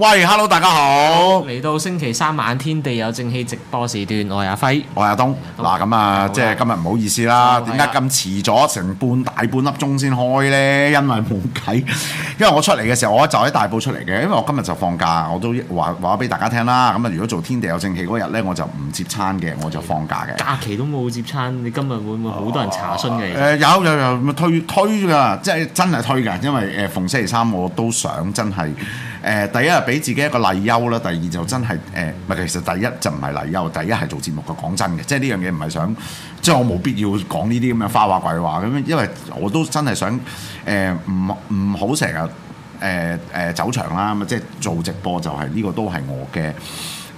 喂，Hello，大家好，嚟到星期三晚天地有正氣直播時段，我係阿輝，我係阿東。嗱咁啊，那嗯、即係今日唔好意思啦，點解咁遲咗成半大半粒鐘先開呢？因為冇計，因為我出嚟嘅時候，我就喺大埔出嚟嘅，因為我今日就放假，我都話話俾大家聽啦。咁啊，如果做天地有正氣嗰日呢，我就唔接餐嘅，我就放假嘅。假期都冇接餐，你今日會唔會好多人查詢嘅、啊呃？有有有，推推㗎，即係真係推㗎，因為逢星期三我都想真係、呃、第一日。俾自己一個例休啦，第二就真係誒，唔、呃、其實第一就唔係例休，第一係做節目嘅，講真嘅，即係呢樣嘢唔係想，即係我冇必要講呢啲咁嘅花話鬼話咁樣，因為我都真係想誒，唔、呃、唔好成日誒誒走場啦，咁即係做直播就係、是、呢、這個都係我嘅誒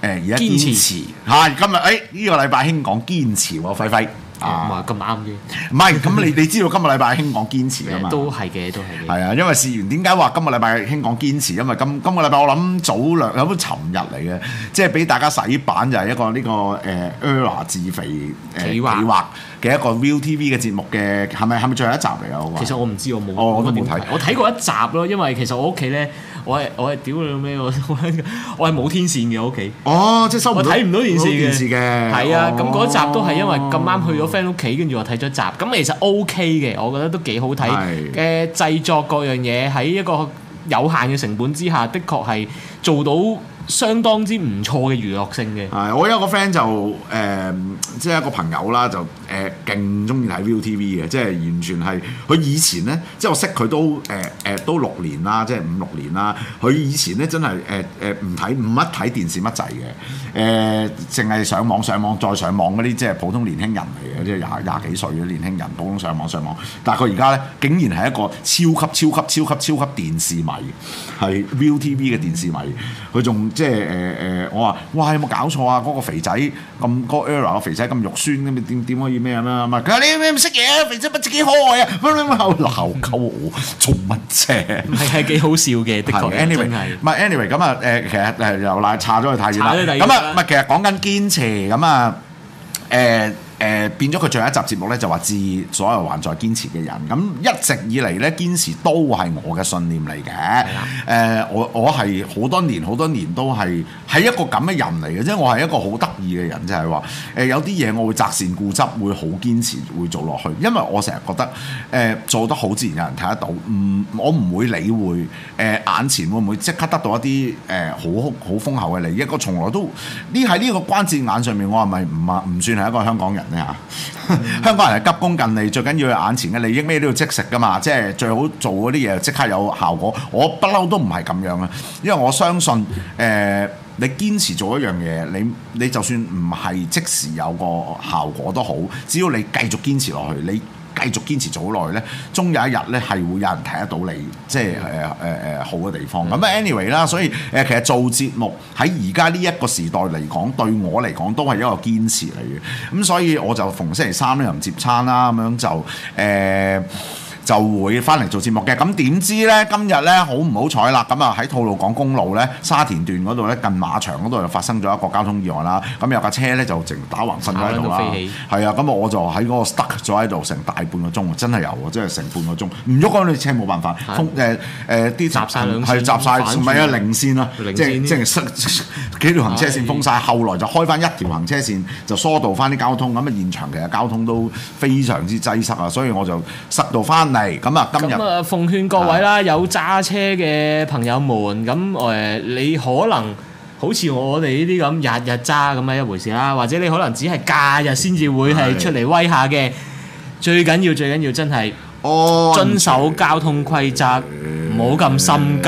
而家堅持，係持、啊、今日誒呢個禮拜興講堅持喎，輝輝。啊，咁啱嘅，唔係咁你你知道今個禮拜興講堅持噶嘛？都係嘅，都係。係啊，因為試完點解話今個禮拜興講堅持？因為今今個禮拜我諗早兩諗尋日嚟嘅，即係俾大家洗版就係一個呢、呢個誒、呃、ERROR 自肥、呃、企劃嘅一個 ViuTV 嘅節目嘅，係咪係咪最後一集嚟啊？好嘛？其實我唔知，我冇冇睇，哦、我睇過一集咯，因為其實我屋企咧。我係我係屌你咩？我 我我係冇天線嘅屋企。Okay? 哦，即係收唔睇唔到電視嘅。係啊，咁嗰、哦、集都係因為咁啱去咗 friend 屋企，跟住我睇咗集。咁其實 OK 嘅，我覺得都幾好睇嘅係、呃、製作各樣嘢喺一個有限嘅成本之下，的確係做到相當之唔錯嘅娛樂性嘅。係，我有個 friend 就誒，即係一個朋友啦就。呃誒勁中意睇 ViuTV 嘅，即係完全係佢以前呢，即係我識佢都誒誒、呃、都六年啦，即係五六年啦。佢以前呢，真係誒誒唔睇唔乜睇電視乜滯嘅，誒淨係上網上網再上網嗰啲，即係普通年輕人嚟嘅，即係廿廿幾歲嘅年輕人，普通上網上網。但係佢而家呢，竟然係一個超級超級超級超級電視迷，係 ViuTV 嘅電視迷。佢仲即係誒誒，我話：，哇，有冇搞錯啊？嗰、嗰個肥仔咁多 error，個肥仔咁肉酸，咁點點可以？咩啊嘛，佢話你咩唔識嘢，肥知 唔知幾可愛啊，咁樣好鬧鳩我做乜啫？係係幾好笑嘅，的確的。anyway，唔係 anyway，咁啊誒，其實誒由奶差咗去太遠啦，咁啊唔係其實講緊堅持咁啊誒。誒、呃、變咗佢最後一集節目呢，就話致所有還在堅持嘅人。咁一直以嚟呢，堅持都係我嘅信念嚟嘅。誒、呃，我我係好多年好多年都係係一個咁嘅人嚟嘅，即係我係一個好得意嘅人，就係話誒有啲嘢我會擇善固執，會好堅持，會做落去。因為我成日覺得誒、呃、做得好，自然有人睇得到。唔、嗯，我唔會理會誒、呃、眼前會唔會即刻得到一啲誒好好豐厚嘅利益。我從來都呢喺呢個關節眼上面，我係咪唔啊唔算係一個香港人？ 香港人係急功近利，最緊要眼前嘅利益，咩都要即食㗎嘛，即係最好做嗰啲嘢即刻有效果。我不嬲都唔係咁樣啊，因為我相信誒、呃，你堅持做一樣嘢，你你就算唔係即時有個效果都好，只要你繼續堅持落去，你。繼續堅持咗好耐呢，終有一日呢係會有人睇得到你，嗯、即係誒誒好嘅地方。咁、嗯、Anyway 啦，所以誒其實做節目喺而家呢一個時代嚟講，對我嚟講都係一個堅持嚟嘅。咁所以我就逢星期三呢，又唔接餐啦，咁樣就誒。呃就會翻嚟做節目嘅，咁點知咧？今日咧好唔好彩啦？咁啊喺吐露港公路咧沙田段嗰度咧近馬場嗰度就發生咗一個交通意外啦。咁有架車咧就直打橫瞓咗喺度啦。係啊，咁啊我就喺嗰個 stuck 咗喺度成大半個鐘，真係有啊，真係成半個鐘唔喐，嗰架車冇辦法，封誒誒啲閘係閘晒唔係啊零線啊，即即係塞幾條行車線封晒。後來就開翻一條行車線就疏導翻啲交通。咁啊現場其實交通都非常之擠塞啊，所以我就塞到翻。嚟咁啊！今日奉勸各位啦，是的 有揸車嘅朋友們，咁誒，你可能好似我哋呢啲咁日日揸咁嘅一回事啦，或者你可能只係假日先至會係出嚟威下嘅是的。最緊要最緊要，真係哦，遵守交通規則，唔好咁是的、嗯、心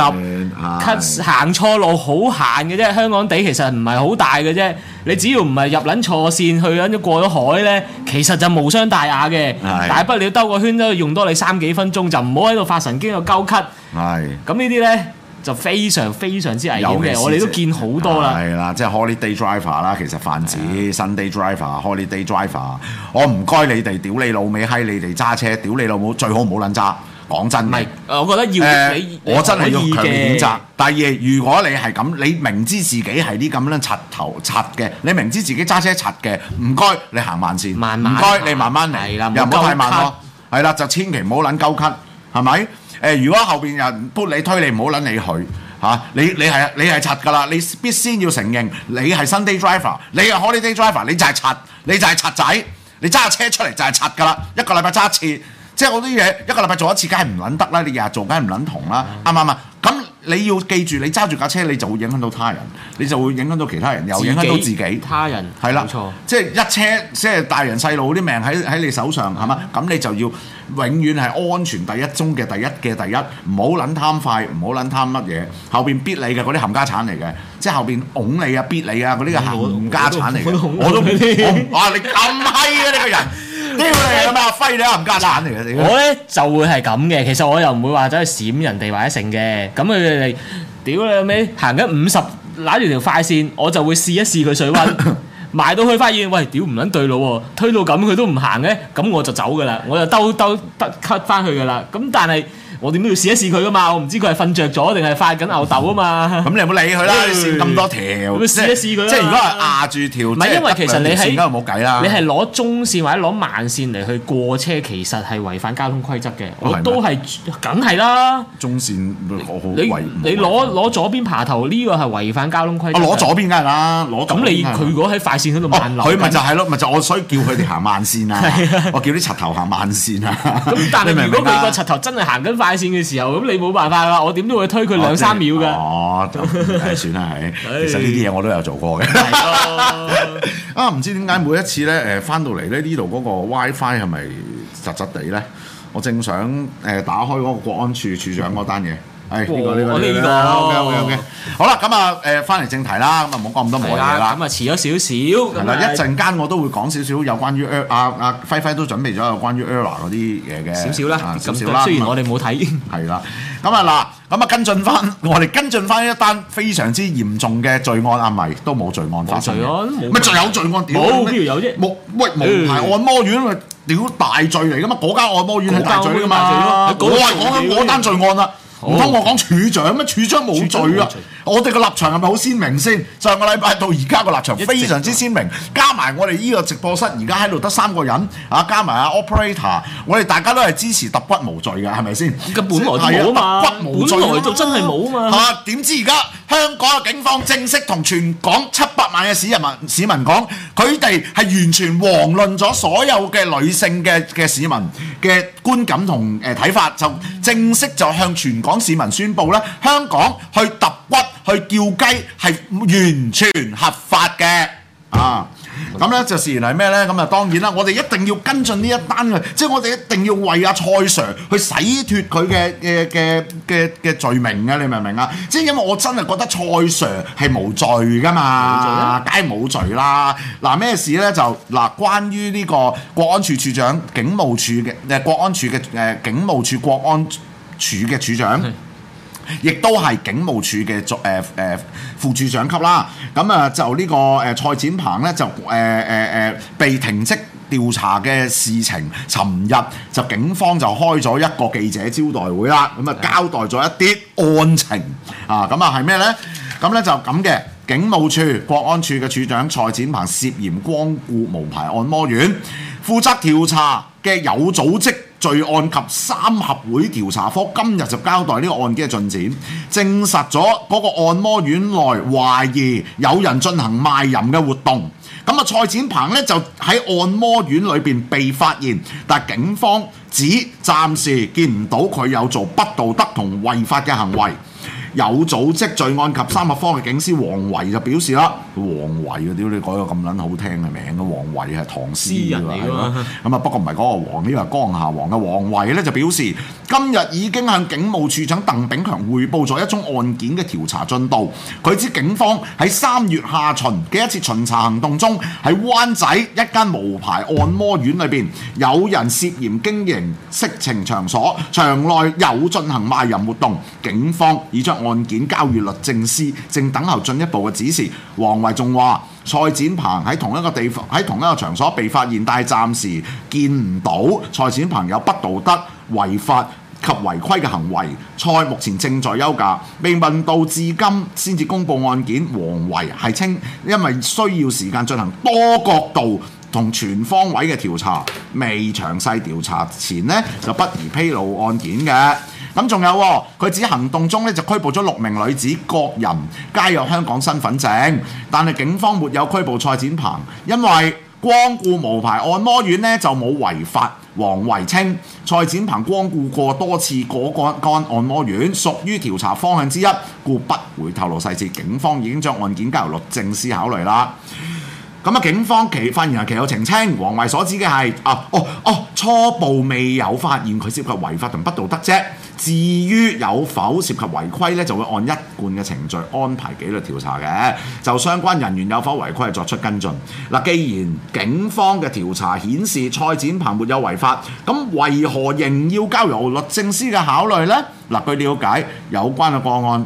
急，行錯路好閒嘅啫。香港地其實唔係好大嘅啫。你只要唔係入撚錯線，去撚咗過咗海呢，其實就無傷大雅嘅。的大不了兜個圈都用多你三幾分鐘，就唔好喺度發神經又鳩咳。係。咁呢啲呢，就非常非常之危險嘅，我哋都見好多啦。係啦，即係 holiday driver 啦的，其實泛指，Sunday driver，holiday driver。我唔該你哋，屌你老尾，閪你哋揸車，屌你老母，最好唔好撚揸。講真嘅，我覺得要、呃、你我真係要強烈譴責，責。第二，如果你係咁，你明知自己係啲咁樣樣插頭插嘅，你明知自己揸車插嘅，唔該你行慢線，唔該慢你慢慢嚟，的又唔好太慢咯。係啦，就千祈唔好撚鳩 cut，係咪？誒、呃，如果後邊人 push 你推你，唔好撚理佢嚇。你你係你係插㗎啦，你必先要承認你係 Sunday driver，你係 holiday driver，你就係插，你就係插仔，你揸車出嚟就係插㗎啦，一個禮拜揸一次。即係好多啲嘢，一個禮拜做一次，梗係唔撚得啦！你日日做，梗係唔撚同啦，啱唔啱？咁你要記住，你揸住架車，你就會影響到他人，你就會影響到其他人，又影響到自己。他人。係啦，冇錯。即係一車，即係大人細路啲命喺喺你手上，係嘛？咁你就要永遠係安全第一，中嘅第一嘅第一，唔好撚貪快，唔好撚貪乜嘢。後邊逼你嘅嗰啲冚家產嚟嘅，即係後邊拱你啊、逼你啊嗰啲嘅冚家產嚟嘅。我都我哇你咁閪啊！你個人屌你係咪啊？輝，你冚家產嚟嘅。我咧就會係咁嘅，其實我又唔會話走去閃人哋或者成嘅。咁佢哋屌你老味，行緊五十攬住條快線，我就會試一試佢水溫，埋 到去發現，喂，屌唔撚對路喎，推到咁佢都唔行嘅，咁我就走噶啦，我就兜兜得 cut 翻去噶啦，咁但係。我點都要試一試佢㗎嘛，我唔知佢係瞓着咗定係發緊吽哣啊嘛，咁你有冇理佢啦？線咁多條，咁試一試佢即係如果係壓住條，唔係因為其實你係，而家冇計啦。你係攞中線或者攞慢線嚟去過車，其實係違反交通規則嘅。我都係，梗係啦。中線你你攞攞左邊爬頭，呢個係違反交通規則。攞左邊梗係啦，攞咁你佢如果喺快線嗰度慢流，佢咪就係咯，咪就我所以叫佢哋行慢線啊，我叫啲鴨頭行慢線啊。咁但係如果佢個鴨頭真係行緊快線嘅時候，咁你冇辦法啦。我點都會推佢兩三秒噶。哦，算啦，係。 其實呢啲嘢我都有做過嘅。 對哦、 啊，唔知點解每一次咧，誒，翻到嚟咧呢度嗰個 WiFi 係咪窒窒地咧？我正想誒打開嗰個國安處處長個單嘢。係呢個呢個啦，OK OK，好啦，咁啊誒，翻嚟正題啦，咁啊唔好講咁多冇嘢啦，咁啊遲咗少少，嗱一陣間我都會講少少有關於阿阿輝輝都準備咗有關於 Earla 嗰啲嘢嘅少少啦，少少啦，雖然我哋冇睇，係啦，咁啊嗱，咁啊跟進翻，我哋跟進翻一單非常之嚴重嘅罪案啊，咪都冇罪案發生，咩罪？有罪案，點冇邊度有啫？冇喂，冇牌按摩院，屌大罪嚟噶嘛，嗰間按摩院係大罪噶嘛，我係講緊嗰單罪案啦。唔通、哦、我講處長咩？處長冇罪啊！我哋個立場係咪好鮮明先？上個禮拜到而家個立場非常之鮮明，加埋我哋呢個直播室，而家喺度得三個人啊！加埋阿 operator，我哋大家都係支持揼骨無罪嘅，係咪先？根本來係啊，揼骨無罪啊！根本來就真係冇嘛嚇！點知而家香港嘅警方正式同全港七百萬嘅市人民市民講，佢哋係完全遑論咗所有嘅女性嘅嘅市民嘅觀感同誒睇法，就正式就向全港市民宣佈啦，香港去揼骨。去叫雞係完全合法嘅啊！咁、嗯、咧、嗯、就事然係咩咧？咁啊當然啦，我哋一定要跟進呢一單嘅，即係我哋一定要為阿蔡 Sir 去洗脫佢嘅嘅嘅嘅嘅罪名啊！你明唔明啊？即係因為我真係覺得蔡 Sir 係無罪噶嘛，梗係冇罪啦！嗱、啊、咩事咧？就嗱、啊，關於呢個國安處處長、警務處嘅、誒、呃、國安處嘅、誒、呃、警務處國安處嘅處、處長。亦都係警務處嘅作誒副處長級啦，咁啊就呢個誒蔡展鵬呢，就誒誒誒被停職調查嘅事情，尋日就警方就開咗一個記者招待會啦，咁啊、嗯、交代咗一啲案情啊，咁啊係咩、啊、呢？咁、啊、咧就咁嘅，警務處、國安處嘅處長蔡展鵬涉嫌光顧無牌按摩院，負責調查嘅有組織罪案及三合會調查科今日就交代呢個案件嘅進展，證實咗嗰個按摩院內懷疑有人進行賣淫嘅活動。咁啊，蔡展鵬呢就喺按摩院裏面被發現，但警方只暫時見唔到佢有做不道德同違法嘅行為。有組織罪案及三合科嘅警司王維就表示啦，王維啊，屌你改個咁撚好聽嘅名，王，王維係唐詩人嚟㗎，咁啊不過唔係嗰個王，呢個係江夏王嘅王維呢就表示，今日已經向警務處長鄧炳強匯報咗一宗案件嘅調查進度。佢知警方喺三月下旬嘅一次巡查行動中，喺灣仔一間無牌按摩院裏邊，有人涉嫌經營色情場所，場內有進行賣淫活動，警方已將案件交予律政司，正等候進一步嘅指示。王維仲話：蔡展鵬喺同一個地方，喺同一個場所被發現，但係暫時見唔到蔡展鵬有不道德、違法及違規嘅行為。蔡目前正在休假，未問到至今先至公佈案件。王維係稱，因為需要時間進行多角度同全方位嘅調查，未詳細調查前呢，就不宜披露案件嘅。咁仲有佢指行動中咧就拘捕咗六名女子，各人皆有香港身份證，但係警方沒有拘捕蔡展鵬，因為光顧無牌按摩院呢就冇違法。黃維稱蔡展鵬光顧過多次嗰個間按摩院，屬於調查方向之一，故不會透露細節。警方已經將案件交由律政司考慮啦。咁啊，警方其發言人其有澄清，黃維所指嘅係啊，哦、哦初步未有發現佢涉及違法同不道德啫。至於有否涉及違規咧，就會按一貫嘅程序安排紀律調查嘅，就相關人員有否違規作出跟進。嗱，既然警方嘅調查顯示蔡展鵬沒有違法，咁為何仍要交由律政司嘅考慮呢？嗱，據了解，有關嘅個案。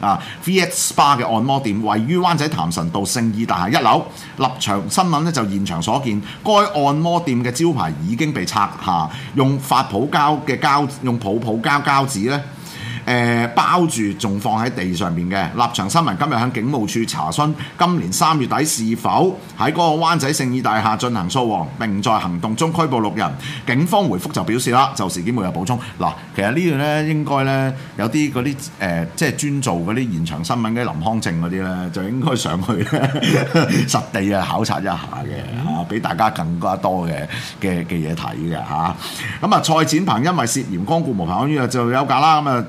啊，V S Spa 嘅按摩店位於灣仔潭神道聖意大廈一樓，立場新聞咧就現場所見，該按摩店嘅招牌已經被拆下，用發泡膠嘅膠用泡泡膠膠紙咧。誒包住仲放喺地上面嘅，立場新聞今日向警務處查詢，今年三月底是否喺嗰個灣仔聖意大廈進行掃黃，並在行動中拘捕六人。警方回覆就表示啦，就事件沒有補充。嗱，其實呢度呢應該呢，有啲嗰啲誒，即係專做嗰啲現場新聞嘅林康正嗰啲呢，就應該上去 實地啊考察一下嘅，啊，俾大家更加多嘅嘅嘅嘢睇嘅嚇。咁啊，啊，蔡展鵬因為涉嫌光顧無朋友，呢啊，就有假啦。咁啊。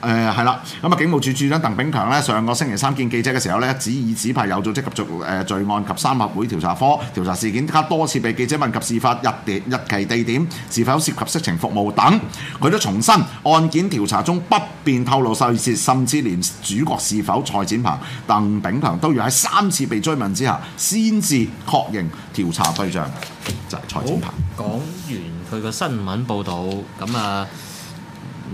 誒係啦，咁啊、嗯，警務處處長鄧炳強咧，上個星期三見記者嘅時候咧，指已指派有組織及罪誒罪案及三合會調查科調查事件，而多次被記者問及事發日、日期地點是否涉及色情服務等，佢都重申案件調查中不便透露細節，甚至連主角是否蔡展鵬，鄧炳強都要喺三次被追問之下，先至確認調查對象就係、是、蔡展鵬，講完佢個新聞報導，咁啊。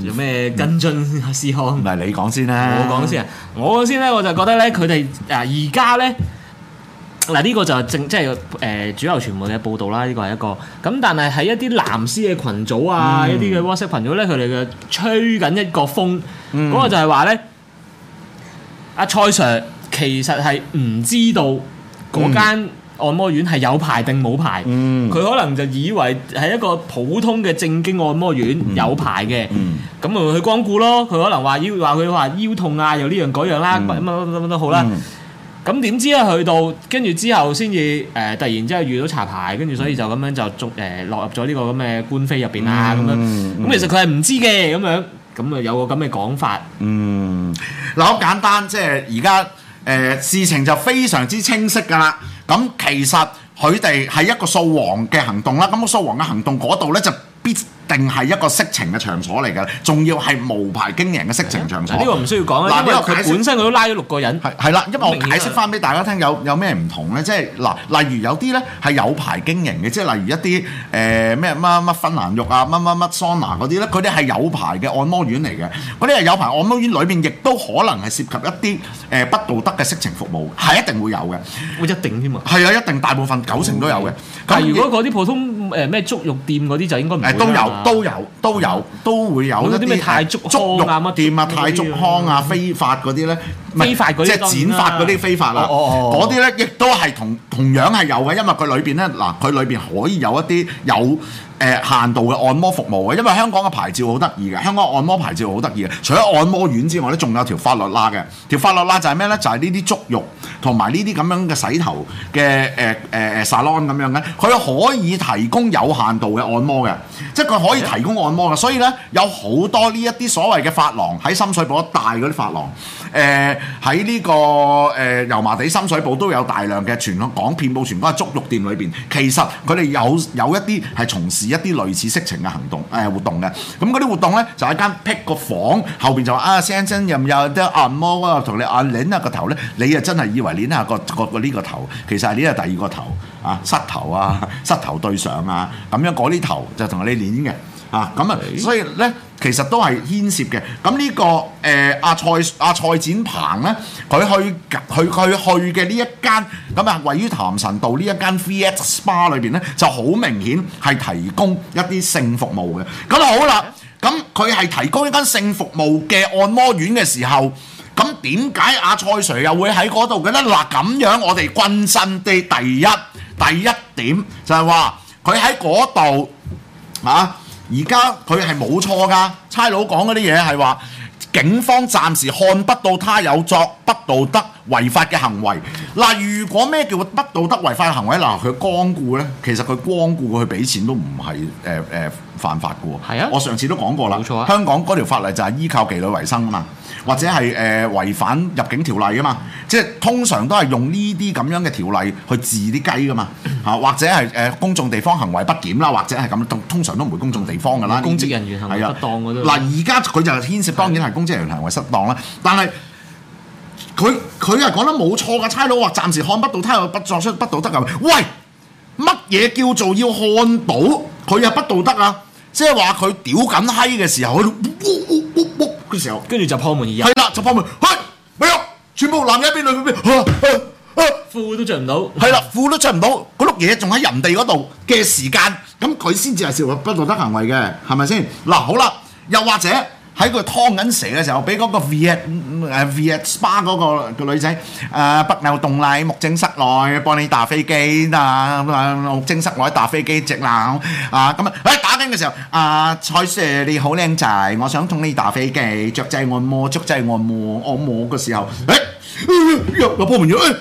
有咩跟進思考？唔係你講先啦，我講先啊！我先咧，我就覺得咧，佢哋啊而家咧嗱呢、這個就正即係誒、呃、主流傳媒嘅報導啦，呢、這個係一個咁，但係喺一啲藍絲嘅群組啊，嗯、一啲嘅 WhatsApp 羣組咧，佢哋嘅吹緊一個風，嗰、嗯、個就係話咧，阿、嗯、蔡 Sir 其實係唔知道嗰間。嗯按摩院係有牌定冇牌，佢、嗯、可能就以為係一個普通嘅正經按摩院有牌嘅，咁咪、嗯、去光顧咯。佢可能話腰話佢話腰痛啊，又呢樣嗰樣啦，乜乜乜乜都好啦、啊。咁點、嗯、知咧去到跟住之後先至誒，突然之間遇到查牌，跟住所以就咁樣就捉、呃、落入咗呢、呢個咁嘅官非入邊啦。咁樣咁其實佢係唔知嘅咁樣，咁啊有個咁嘅講法。嗱好、嗯、簡單，即係而家誒事情就非常之清晰㗎啦。咁其實佢哋係一個掃黃嘅行動啦，咁個掃黃嘅行動嗰度咧就必。定係一個色情嘅場所嚟㗎，仲要係無牌經營嘅色情場所。呢個唔需要講啦。嗱，因為佢本身佢都拉咗六個人。係係啦，因為我解釋翻俾大家聽，有有咩唔同咧？即係嗱，例如有啲咧係有牌經營嘅，即係例如一啲誒咩乜乜乜芬蘭浴啊、乜乜乜桑拿嗰啲咧，佢哋係有牌嘅按摩院嚟嘅。嗰啲係有牌按摩院，裏面亦都可能係涉及一啲誒不道德嘅色情服務，係一定會有嘅。會一定添啊！係啊，一定，大部分九成都有嘅。但係如果嗰啲普通誒，咩足浴店嗰啲就應該唔係，都有都有都有，都會有一啲咩泰足、足浴啊、乜店啊、泰足康啊、非法嗰啲咧。即係剪髮嗰啲非法啦，嗰啲呢亦都係同同樣係有嘅，因為佢裏邊呢，嗱，佢裏邊可以有一啲有誒限度嘅按摩服務嘅，因為香港嘅牌照好得意嘅，香港按摩牌照好得意嘅，除咗按摩院之外咧，仲有條法律罅嘅，條法律罅就係咩呢？就係呢啲足浴同埋呢啲咁樣嘅洗頭嘅誒誒誒 salon 咁樣嘅，佢可以提供有限度嘅按摩嘅，即係佢可以提供按摩嘅，所以呢，有好多呢一啲所謂嘅髮廊喺深水埗一帶嗰啲髮廊。誒喺呢個誒、呃、油麻地深水埗都有大量嘅全，全港遍佈全港嘅足浴店裏邊，其實佢哋有有一啲係從事一啲類似色情嘅行動誒活動嘅。咁嗰啲活動呢，就係一間辟個房後邊就話啊先生又唔有啲按摩啊，同、啊啊、你按捏、啊、下個頭咧，你啊真係以為捏下個、這個呢個頭，其實係呢個第二個頭啊，膝頭啊，膝頭對上啊，咁樣嗰啲頭就同你捏嘅。啊，咁啊，所以咧，其實都係牽涉嘅。咁呢、這個誒阿、呃、蔡阿蔡展鵬咧，佢去去去去嘅呢一間咁啊、嗯，位於譚臣道呢一間 VS spa 裏邊咧，就好明顯係提供一啲性服務嘅。咁好啦，咁佢係提供一間性服務嘅按摩院嘅時候，咁點解阿蔡 Sir 又會喺嗰度嘅咧？嗱、啊，咁樣我哋軍訊嘅第一第一點就係話佢喺嗰度啊。而家佢係冇錯噶，差佬講嗰啲嘢係話，警方暫時看不到他有作不道德違法嘅行為。嗱，如果咩叫不道德違法嘅行為？嗱、呃，佢光顧呢？其實佢光顧去俾錢都唔係誒誒犯法嘅喎。係啊，我上次都講過啦，啊、香港嗰條法例就係依靠妓女為生啊嘛。或者係誒、呃、違反入境條例啊嘛，即係通常都係用呢啲咁樣嘅條例去治啲雞噶嘛嚇、啊，或者係誒、呃、公眾地方行為不檢啦，或者係咁，通常都唔會公眾地方噶啦。公職人員行為不當嗰都。嗱而家佢就牽涉，當然係公職人員行為失當啦，是的 但係佢佢係講得冇錯嘅，差佬話暫時看不到他有不作出不道德行為。喂，乜嘢叫做要看到佢有不道德啊？即係話佢屌緊閪嘅時候，佢。呃呃呃跟住就破門而入，係啦，就破門，嗨、哎，咪喐！全部男人一邊，女人一邊，嚇、啊啊、褲都着唔到，係啦，褲都着唔到，嗰碌嘢仲喺人哋嗰度嘅時間，咁佢先至係違法不道德行為嘅，係咪先？嗱，好啦，又或者。喺佢劏緊蛇嘅時候，俾嗰個 Viet 誒 Viet Spa 嗰個嘅女仔誒不嬲動嚟，木正室內幫你打飛機啦，木正室內打飛機直鬧啊！咁啊，誒打緊嘅時候，阿蔡 Sir 你好靚仔，我想同你打飛機，足制按摩，足制按摩，按摩嘅時候，誒又破門咗，誒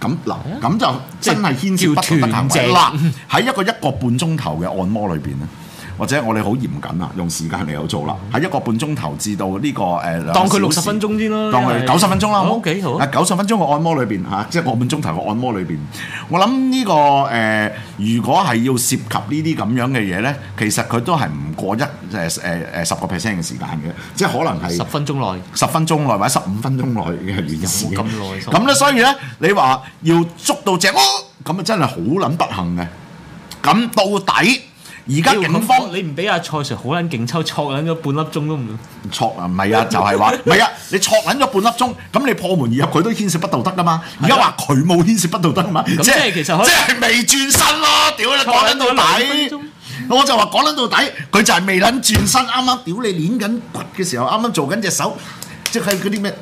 咁嗱，咁就真係牽涉不談為啦。喺一個一個半鐘頭嘅按摩裏邊咧。或者我哋好嚴謹啊，用時間嚟做啦，喺一個半鐘頭至到呢個誒，當佢六十分鐘先啦，當佢九十分鐘啦，OK 好，誒九十分鐘嘅按摩裏邊嚇，即係一個半鐘頭嘅按摩裏邊，我諗呢個誒，如果係要涉及呢啲咁樣嘅嘢咧，其實佢都係唔過一誒誒誒十個 percent 嘅時間嘅，即係可能係十分鐘內，十分鐘內或者十五分鐘內嘅原因。咁耐咁咧，所以咧，你話要捉到隻貓，咁啊真係好撚不幸嘅，咁到底？而家警方你唔俾阿蔡 Sir 好撚勁抽，戳撚咗半粒鐘都唔戳啊！唔係啊，就係話唔係啊，你戳撚咗半粒鐘，咁你破門而入佢都牽涉不道德噶嘛？而家話佢冇牽涉不道德係嘛？即係其實即係未轉身咯，屌你講撚到底，我就話講撚到底，佢就係未撚轉身，啱啱屌你撚緊骨嘅時候，啱啱做緊隻手，即係嗰啲咩？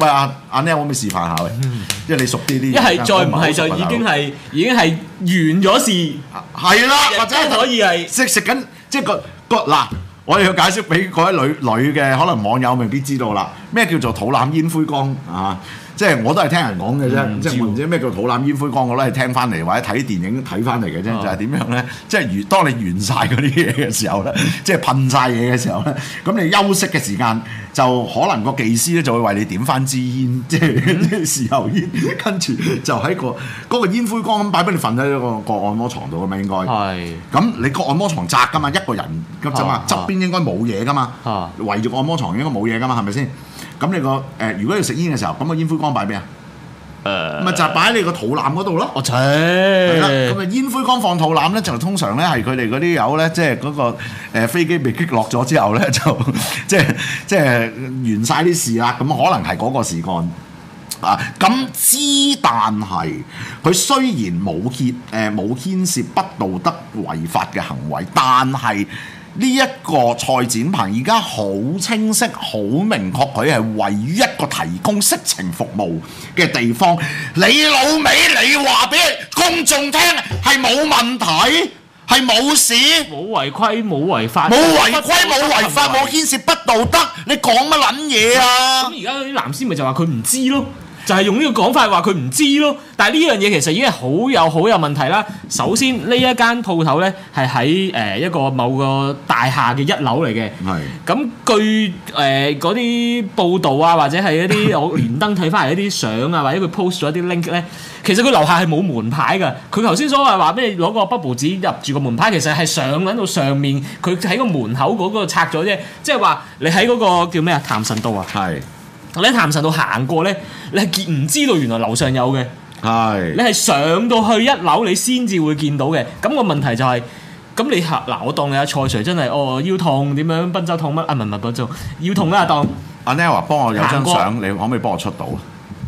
喂，阿阿 Neil，可唔可以示範下喂，即係你熟啲啲。一係再唔係就已經係已經係完咗事。係、啊、啦，或者可以係食食，食緊，即個個嗱，我哋要解釋俾嗰啲女女嘅可能網友未必知道啦，咩叫做肚腩煙灰缸啊？即係我都係聽人講嘅啫，即係唔知咩叫肚腩煙灰缸，我都係聽翻嚟或者睇電影睇翻嚟嘅啫。就係點樣咧？即係完，當你完晒嗰啲嘢嘅時候咧，即係噴晒嘢嘅時候咧，咁你休息嘅時間就可能個技師咧就會為你點翻支煙，即係事後煙，跟住就喺、個嗰、個煙灰缸咁擺俾你瞓喺個個按摩床度咁嘛，應該係。咁是你個按摩床窄噶嘛，一個人咁啫嘛，側是邊應該冇嘢噶嘛，嗯、圍住個按摩床應該冇嘢噶嘛，係咪先？咁你個誒、呃，如果要食煙嘅時候，咁、那個煙灰缸擺邊啊？誒、呃，咪就係擺喺你個肚腩嗰度咯。我切、哦，咁、呃、啊、那個、煙灰缸放肚腩咧，就通常咧係佢哋嗰啲有咧，即係嗰個誒飛機被擊落咗之後咧，就即係即係完晒啲事啦。咁可能係嗰個事幹啊。咁之但係，佢雖然冇結誒冇牽涉不道德違法嘅行為，但係。呢一個蔡展鵬而家好清晰、好明確，佢係位於一個提供色情服務嘅地方。你老味，你話俾公眾聽係冇問題、係冇事，冇違規、冇違法，冇違規、冇違法、冇牽涉不道德。你講乜撚嘢啊？咁而家啲男師咪就話佢唔知咯。就係用呢個講法話佢唔知咯，但係呢樣嘢其實已經係好有好有問題啦。首先呢一間鋪頭咧，係喺誒，一個某個大廈嘅一樓嚟嘅。係是的。咁據誒嗰啲報道啊，或者係一啲我連登睇翻嚟一啲相啊，或者佢 post 咗一啲 link 咧，其實佢樓下係冇門牌嘅。佢頭先所謂話畀你攞個 bubble 紙入住個門牌，其實係上緊到上面佢喺個門口嗰個拆咗啫。即係話你喺嗰個叫咩啊？譚臣道啊。係。你喺潭神道行過咧，你係見唔知道原來樓上有嘅。係，你係上到去一樓你先至會見到嘅。咁個問題就係，咁你行嗱，我當你阿蔡 Sir 真係哦腰痛點樣，賓州痛乜啊？唔係唔係賓州，腰痛啦。阿當，阿 Nella 幫我有張相，你可唔可以幫我出到？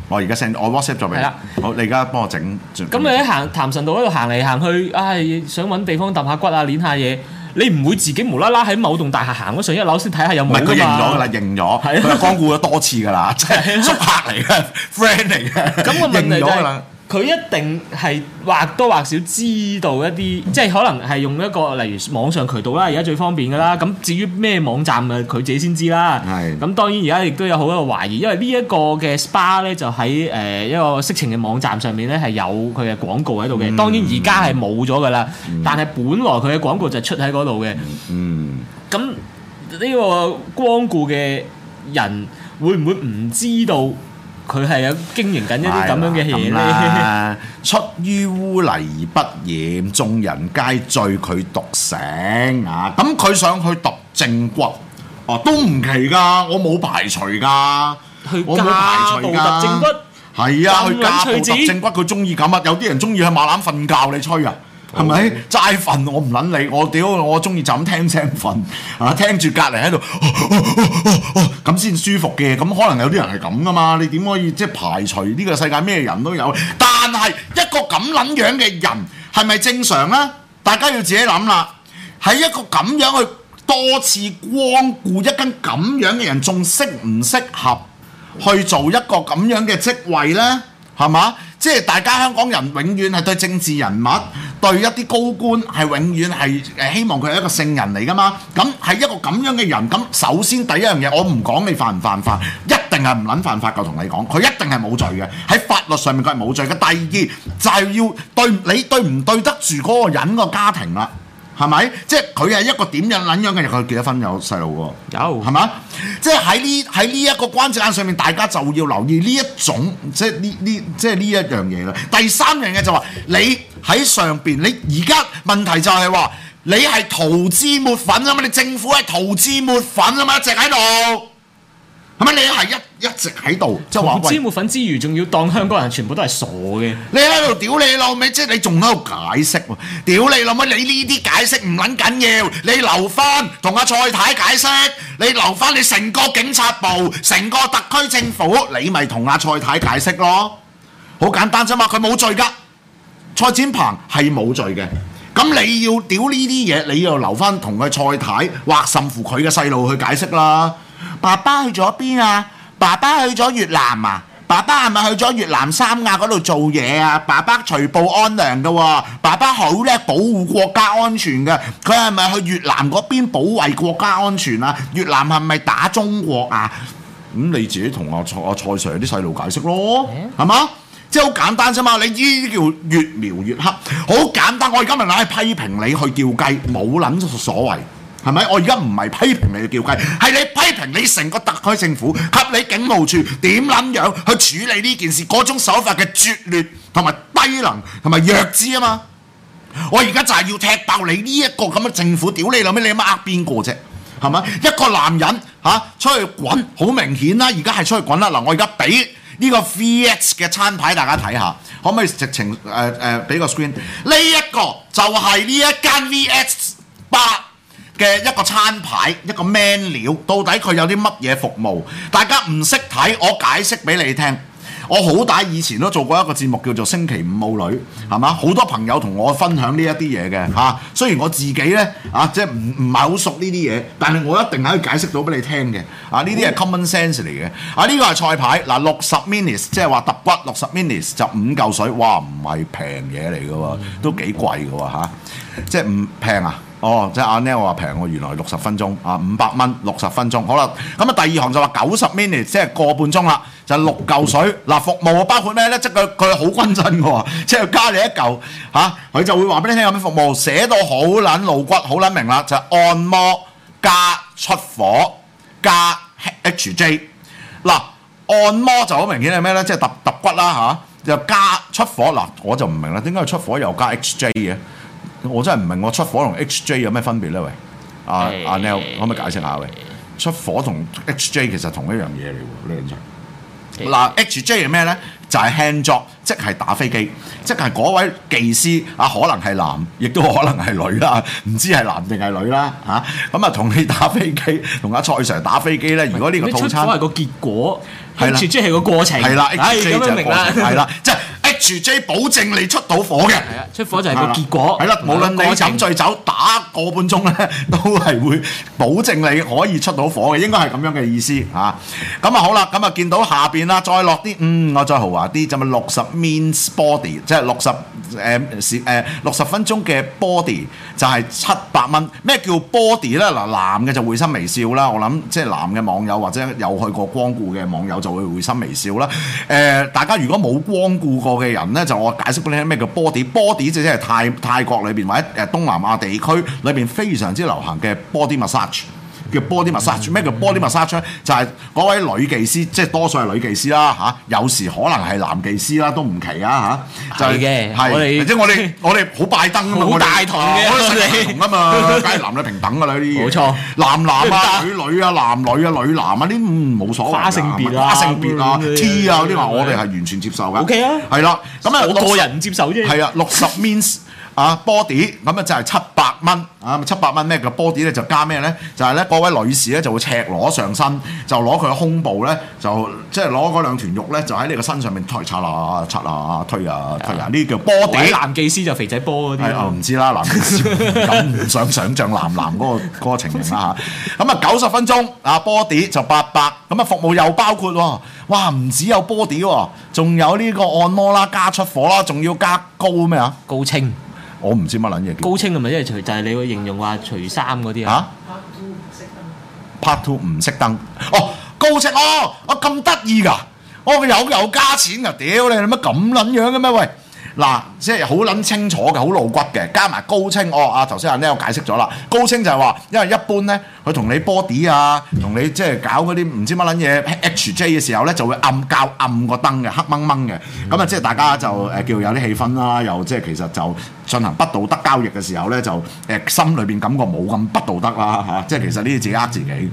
我而家 send 我 WhatsApp 咗俾你。係啦，好，你而家幫我整。咁你喺行潭神道嗰度行嚟行去，唉，想揾地方揼下骨啊，捻下嘢。你唔會自己無啦啦喺某棟大廈行嗰上一樓先睇下有冇㗎？佢認咗㗎啦，認咗，佢係光顧咗多次㗎啦，即係熟客嚟嘅是、啊、，friend 嚟嘅。 認咗啦。佢一定係或多或少知道一啲，即係可能係用一個例如網上渠道啦，而家最方便㗎啦。咁至於咩網站嘅，佢自己先知啦。係的。咁當然而家亦都有好多懷疑，因為呢一個嘅 SPA 咧，就喺誒一個色情嘅網站上面咧，係有佢嘅廣告喺度嘅。嗯、當然而家係冇咗噶啦，嗯、但係本來佢嘅廣告就出喺嗰度嘅。嗯。咁呢個光顧嘅人會唔會唔知道？佢係有經營緊一啲咁樣嘅嘢咧。 出於污泥而不染，眾人皆醉佢獨醒啊！咁、啊、佢想去揼正骨，哦、啊、都唔奇㗎，我冇排除㗎。去加揼正骨係啊，去加揼正骨，佢中意咁啊！有啲人中意去馬欄瞓覺，你吹啊！係咪齋瞓？我唔撚理我屌我中意就咁聽聲瞓啊！聽住隔離喺度咁先舒服嘅咁，可能有啲人係咁噶嘛？你點可以即係排除呢個世界咩人都有？但係一個咁撚樣嘅人係咪正常呢？大家要自己諗啦。喺一個咁樣去多次光顧一間咁樣嘅人，仲適唔適合去做一個咁樣嘅職位呢？係嘛？即係大家香港人永遠係對政治人物。對一啲高官係永遠係希望佢係一個聖人嚟㗎嘛，咁係一個咁樣嘅人，咁首先第一樣嘢我唔講你犯唔犯法，一定係唔撚犯法嘅，同你講佢一定係冇罪嘅，喺法律上面佢係冇罪嘅。第二就係、是、要對你對唔對得住嗰個人個家庭啦。係咪？即係佢係一個點樣撚樣嘅，佢結咗婚有細路喎。有係咪？即係喺呢喺呢一個關節眼上面，大家就要留意呢一種即係呢呢即係呢一樣嘢啦。第三樣嘢就話你喺上邊，你而家問題就係話你係塗脂抹粉啊嘛，你政府係塗脂抹粉啊嘛，一直喺度。係咪你係一一直喺度？即係話黐粉之餘，仲要當香港人全部都係傻嘅？你喺度屌你老味，即係你仲喺度解釋？屌你老味！你呢啲解釋唔撚緊要，你留翻同阿蔡太解釋，你留翻你成個警察部、成個特區政府，你咪同阿蔡太解釋咯。好簡單啫嘛，佢冇罪㗎。蔡展鵬係冇罪嘅。咁你要屌呢啲嘢，你要留翻同佢蔡太或甚乎佢嘅細路去解釋啦。爸爸去咗邊啊？爸爸去咗越南啊？爸爸係咪去咗越南三亞嗰度做嘢啊？爸爸除暴安良嘅喎、啊，爸爸好叻保護國家安全嘅，佢係咪去越南嗰邊保衞國家安全啊？越南係咪打中國啊？咁、嗯、你自己同阿、啊啊、蔡阿、啊、蔡 Sir 啲細路解釋咯，係嘛、嗯？即係好簡單啫嘛，你呢叫越描越黑，好簡單。我今日懶係批評你去叫雞，冇撚所謂。係咪？我而家唔係批評你叫雞，係你批評你成個特區政府，合理警務處點撚樣去處理呢件事嗰種手法嘅拙劣同埋低能同埋弱智啊嘛！我而家就係要踢爆你呢、這、一個咁嘅政府，屌你老味，你有乜呃邊個啫？係咪？一個男人嚇、啊、出去滾，好明顯啦！而家係出去滾啦。嗱，我而家俾呢個 VX 嘅餐牌，大家睇下，可唔可以直情誒誒俾個 screen？呢一個就係呢一間 VX 八嘅一個餐牌一個 menu，到底佢有啲乜嘢服務？大家唔識睇，我解釋俾你聽。我好歹以前都做過一個節目叫做《星期五冇女》，係嘛？好多朋友同我分享呢一啲嘢嘅嚇。雖然我自己呢，啊，即係唔唔係好熟呢啲嘢，但係我一定可以解釋到俾你聽嘅。啊，呢啲係 common sense 嚟嘅。啊，呢個係菜牌嗱，六十 minutes 即係話揼骨六十 minutes 就五嚿水，哇，唔係平嘢嚟嘅喎，都幾貴嘅喎嚇，即係唔平啊！哦，即係阿 Nick 我話平喎，原來六十分鐘啊，五百蚊，六十分鐘，好啦。咁、嗯、啊，第二行就話九十 minute 即係個半鐘啦，就六、是、嚿水嗱、啊，服務啊包括咩呢？即係佢佢好均真喎，即係加你一嚿吓，佢、啊、就會話俾你聽有咩服務，寫到好撚露骨，好撚明啦，就是、按摩加出火加 HJ 嗱、啊，按摩就好明顯係咩呢？即係揼揼骨啦吓，又、啊、加出火嗱、啊，我就唔明啦，點解出火又加 HJ 嘅？我真係唔明，我出火同 HJ 有咩分別咧？喂，阿阿 Neil 可唔可以解釋下？喂，出火同 HJ 其實同一樣嘢嚟喎，你明唔明？嗱，HJ 係咩咧？就係 hand job，即係打飛機，即係嗰位技師啊，可能係男，亦都可能係女啦，唔知係男定係女啦嚇。咁啊，同你打飛機，同阿蔡 Sir 打飛機咧。是如果呢個套餐係個結果，HJ 係了個過程，係啦，HJ 係啦，即係。 HJ 保證你出到火嘅，係啊，出火就係個結果。係啦，無論你飲醉酒打個半鐘咧，都係會保證你可以出到火嘅，應該係咁樣嘅意思吓，咁啊好啦，咁啊見到下邊啦，再落啲，嗯，我再豪華啲，就咪六十 mins body，即係六十誒誒六十分鐘嘅 body 就係七百蚊。咩叫 body 咧？嗱、呃，男嘅就會心微笑啦。我諗即係男嘅網友或者有去過光顧嘅網友就會會心微笑啦。誒、呃、大家如果冇光顧過。嘅人咧，就我解釋俾你聽咩叫 body body，即係泰泰國裏邊或者誒東南亞地區裏邊非常之流行嘅 body massage。叫 body massage，做咩叫 body massage 窗？就係嗰位女技師，即係多數係女技師啦嚇，有時可能係男技師啦，都唔奇啊，就係嘅，係即係我哋我哋好拜登，好大堂嘅，我都識唔同啊嘛，梗係男女平等㗎啦呢啲。冇錯，男男啊、女女啊、男女啊、女男啊，啲冇所謂。性別啊，性別啊，T 啊嗰啲，我哋係完全接受嘅。O K 啊，係啦，咁啊，我個人唔接受啫。係啊，六十 m e n 啊，body 咁啊就係七百蚊啊，七百蚊咩叫 body 咧就？啊、就加咩咧就，係咧嗰位女士咧就會赤裸上身，就攞佢胸部咧就即係攞嗰兩團肉咧就喺你個身上面推擦下擦下推，推，推啊推啊呢叫 body。男技師就肥仔波嗰啲，啊、我唔知啦，男技師咁唔想想像男男嗰 個情形啦嚇。咁啊九十分鐘啊 body 就八百，咁啊服務又包括，哇唔只有 body 喎，仲有呢個按摩啦加出火啦，仲要加高咩啊高清。我唔知乜撚嘢高清、係咪、啊？咪因為除就係你會形容話除衫嗰啲啊？Part two 唔熄燈？Part two 唔熄燈？ 哦，高清哦，我咁得意㗎，我個有、啊哦、有，有加錢㗎、啊，屌你，你乜咁撚樣嘅咩喂？嗱，即係好撚清楚嘅，好露骨嘅，加埋高清哦。阿頭先阿呢我解釋咗啦，高清就係話，因為一般咧，佢同你 body 啊，同你即係搞嗰啲唔知乜撚嘢 HJ 嘅時候咧，就會暗校暗個燈嘅，黑掹掹嘅。咁啊、嗯，即係大家就誒、呃、叫有啲氣氛啦，又即係其實就進行不道德交易嘅時候咧，就誒、呃、心裏邊感覺冇咁不道德啦嚇。 即係其實呢啲自己呃自己。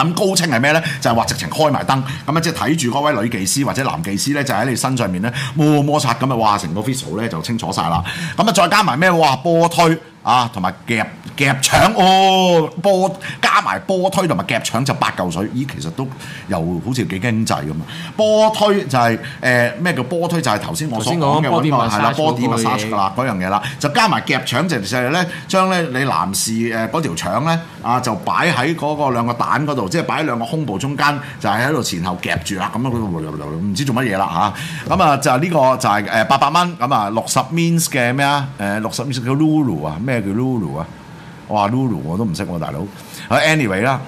咁高清係咩呢？就係話直情開埋燈，咁啊即係睇住嗰位女技師或者男技師咧，就喺你身上面咧摩摩擦咁啊！哇，成個 facial 咧就清楚曬啦。咁啊，再加埋咩？哇，波推！啊，同埋夾夾腸哦，波加埋波推同埋夾腸就八嚿水，咦，其實都又好似幾經濟咁啊！波推就係誒咩叫波推？就係頭先我所講嘅揾啊，係啦，波點啊，殺出㗎啦嗰樣嘢啦，就加埋夾腸就係、是、咧、就是、將咧你男士誒嗰條腸咧啊就擺喺嗰個兩個蛋嗰度，即係擺喺兩個胸部中間，就係喺度前後夾住啊咁啊，嗰度唔知做乜嘢啦嚇！咁啊、嗯、就呢個就係誒八百蚊咁啊六十 mins 嘅咩啊誒六十 mins 嘅 lulu 啊～咩叫 Lulu、anyway, 哦哦、啊？我話 Lulu 我都唔識我大佬。Anyway 啦、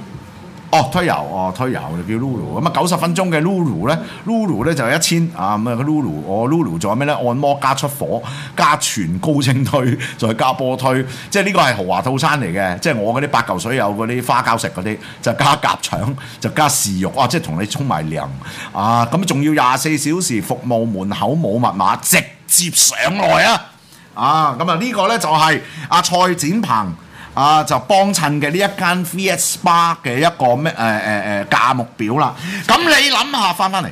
哦，哦推油哦推油就叫 Lulu 咁啊九十分鐘嘅 Lulu 咧，Lulu 咧就一千啊咁啊 Lulu 我 Lulu 仲有咩咧？按摩加出火加全高清推，再加波推，即係呢個係豪華套餐嚟嘅。即係我嗰啲八嚿水有嗰啲花膠食嗰啲，就加夾腸，就加豉肉，啊。即係同你沖埋涼啊！咁仲要廿四小時服務，門口冇密碼，直接上來啊！啊，咁啊呢個呢就係阿蔡展鵬啊，就幫襯嘅呢一間 VS spa 嘅一個咩誒誒誒價目表啦。咁你諗下翻翻嚟，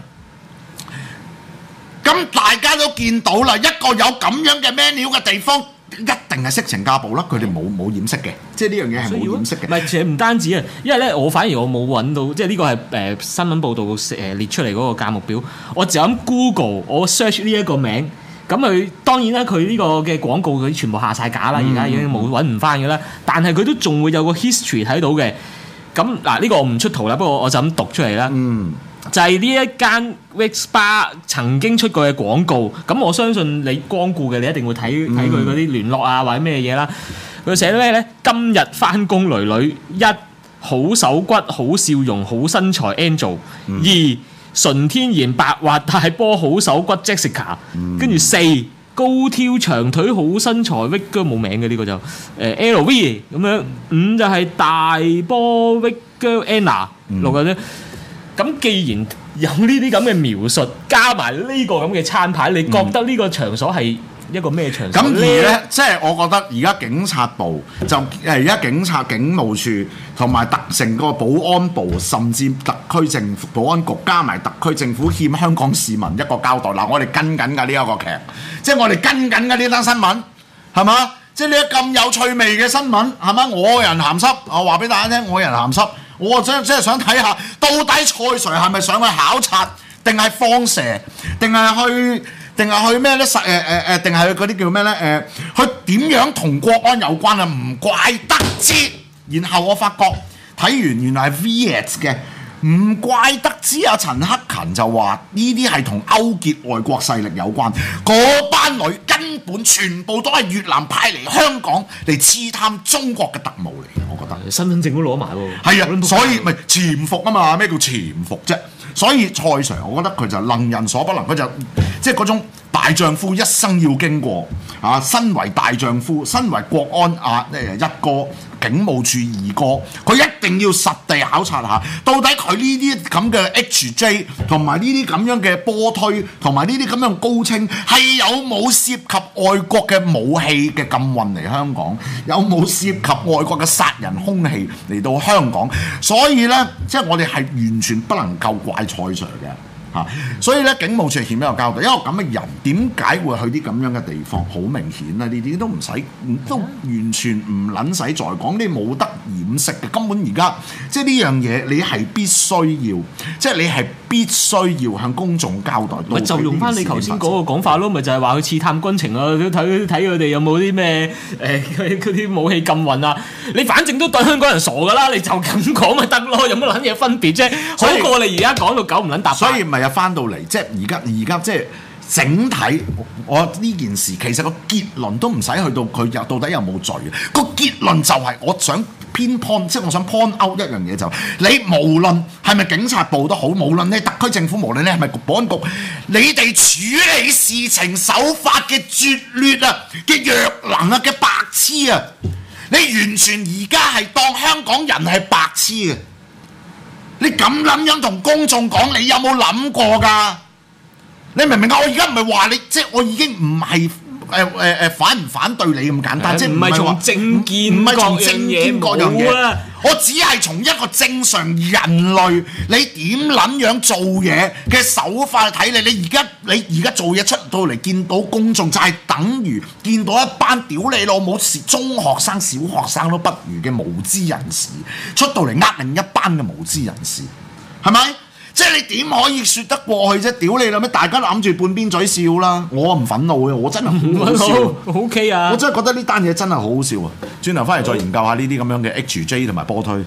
咁大家都見到啦，一個有咁樣嘅 menu 嘅地方，一定係色情架步啦。佢哋冇冇掩飾嘅，即係呢樣嘢係冇掩飾嘅。唔係，其實唔單止啊，因為呢我反而我冇揾到，即係呢個係誒新聞報導誒列出嚟嗰個價目表，我就諗 Google，我 search 呢一個名。咁佢當然啦，佢呢個嘅廣告佢全部下晒架啦，而家、嗯、已經冇揾唔翻嘅啦。嗯、但係佢都仲會有個 history 睇到嘅。咁嗱，呢、這個我唔出圖啦，不過我就咁讀出嚟啦。嗯，就係呢一間 Wake Spa 曾經出過嘅廣告。咁我相信你光顧嘅你一定會睇睇佢嗰啲聯絡啊、嗯、或者咩嘢啦。佢寫咩咧？今日翻工女女一好手骨好笑容好身材 Angel、嗯。二純天然白滑，大波好手骨 Jessica，跟住、嗯、四高挑長腿好身材 Vicky 冇名嘅呢、呢個就誒、呃、LV 咁樣，五就係大波 Vicky Anna、嗯、六嘅、就、啫、是。咁既然有呢啲咁嘅描述，加埋呢個咁嘅餐牌，你覺得呢個場所係？嗯一個咩場咁而呢， 即係我覺得而家警察部就誒，而家警察警務處同埋特成個保安部，甚至特區政府保安局加埋特區政府欠香港市民一個交代。嗱，我哋跟緊㗎呢一個劇，即係我哋跟緊㗎呢單新聞，係嘛？即係呢啲咁有趣味嘅新聞，係嘛？我個人鹹濕，我話俾大家聽，我個人鹹濕，我真即係想睇下到底蔡 Sir 係咪想去考察，定係放蛇，定係去？定係去咩咧？實誒誒誒，定係去嗰啲叫咩咧？誒，去點樣同國安有關啊？唔怪得知，然後我發覺睇完原來係 V S 嘅。唔怪得知阿陳克勤就話呢啲係同勾結外國勢力有關，嗰班女根本全部都係越南派嚟香港嚟刺探中國嘅特務嚟嘅，我覺得。身份證都攞埋喎。係啊，所以咪潛伏啊嘛？咩叫潛伏啫？所以蔡 Sir，我覺得佢就能人所不能，佢就即係嗰種大丈夫一生要經過啊。身為大丈夫，身為國安啊一哥，警務處二哥，佢一定要實地考察下，到底佢呢啲咁嘅 HJ 同埋呢啲咁樣嘅波推同埋呢啲咁樣高清係有冇涉及外國嘅武器嘅禁運嚟香港，有冇涉及外國嘅殺人凶器嚟到香港？所以呢，即係我哋係完全不能夠怪蔡 Sir 嘅。嚇、啊！所以咧，警務處係欠一個交代，因為咁嘅人點解會去啲咁樣嘅地方？好明顯啦、啊，呢啲都唔使，都完全唔撚使再講，你冇得掩飾嘅。根本而家即係呢樣嘢，你係必須要，即係你係。必須要向公眾交代。咪就用翻你頭先嗰個講法咯，咪對 就係話去刺探軍情啊！睇睇佢哋有冇啲咩誒啲武器禁運啊！你反正都對香港人傻噶啦，你就咁講咪得咯，有乜撚嘢分別啫？好過你而家講到九唔撚搭八。所以咪又翻到嚟，即係而家，而家即係。整體，我呢件事其實個結論都唔使去到佢有到底有冇罪啊，個結論就係、是、我想 pinpoint，即係我想 point out 一樣嘢就係、你無論係咪警察部都好，無論你特區政府，無論你係咪保安局，你哋處理事情手法嘅拙劣啊、嘅弱能啊、嘅白痴啊，你完全而家係當香港人係白痴啊。你咁撚樣同公眾講，你有冇諗過㗎？你明唔明啊？我而家唔係話你，即係我已經唔係誒誒誒反唔反對你咁簡單，啊、即係唔係從政見唔係從政見各樣，我只係從一個正常人類，你點撚樣做嘢嘅手法去睇你。你而家你而家做嘢出到嚟見到公眾就係、是、等於見到一班屌你老母是中學生小學生都不如嘅無知人士出到嚟呃另一班嘅無知人士，係咪？即係你點可以説得過去啫？屌你啦咩？大家掩住半邊嘴笑啦！我唔憤怒嘅，我真係唔憤怒。好 OK 啊！我真係覺得呢單嘢真係好好笑啊！轉頭翻嚟再研究下呢啲咁樣嘅 HJ 同埋波推。